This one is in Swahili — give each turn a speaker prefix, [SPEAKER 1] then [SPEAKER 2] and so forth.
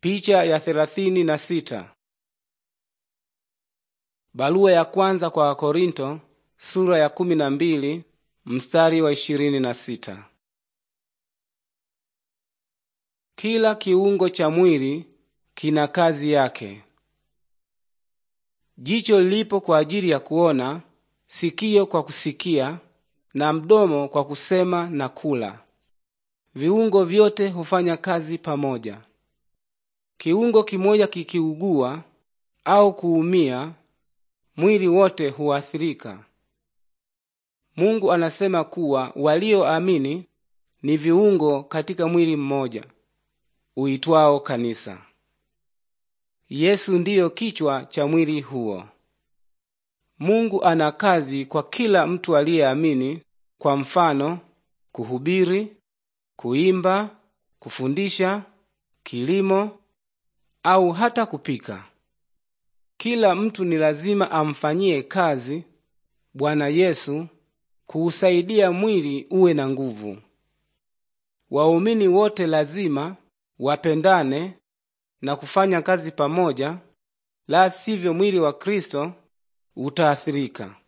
[SPEAKER 1] Picha ya thelathini na sita. Barua ya kwanza kwa Wakorinto sura ya kumi na mbili mstari wa ishirini na sita. Kila kiungo cha mwili kina kazi yake. Jicho lipo kwa ajili ya kuona, sikio kwa kusikia, na mdomo kwa kusema na kula. Viungo vyote hufanya kazi pamoja. Kiungo kimoja kikiugua au kuumia, mwili wote huathirika. Mungu anasema kuwa walioamini ni viungo katika mwili mmoja uitwao kanisa. Yesu ndiyo kichwa cha mwili huo. Mungu ana kazi kwa kila mtu aliyeamini, kwa mfano, kuhubiri, kuimba, kufundisha, kilimo, au hata kupika. Kila mtu ni lazima amfanyie kazi Bwana Yesu kuusaidia mwili uwe na nguvu. Waumini wote lazima wapendane na kufanya kazi pamoja, la sivyo mwili wa Kristo utaathirika.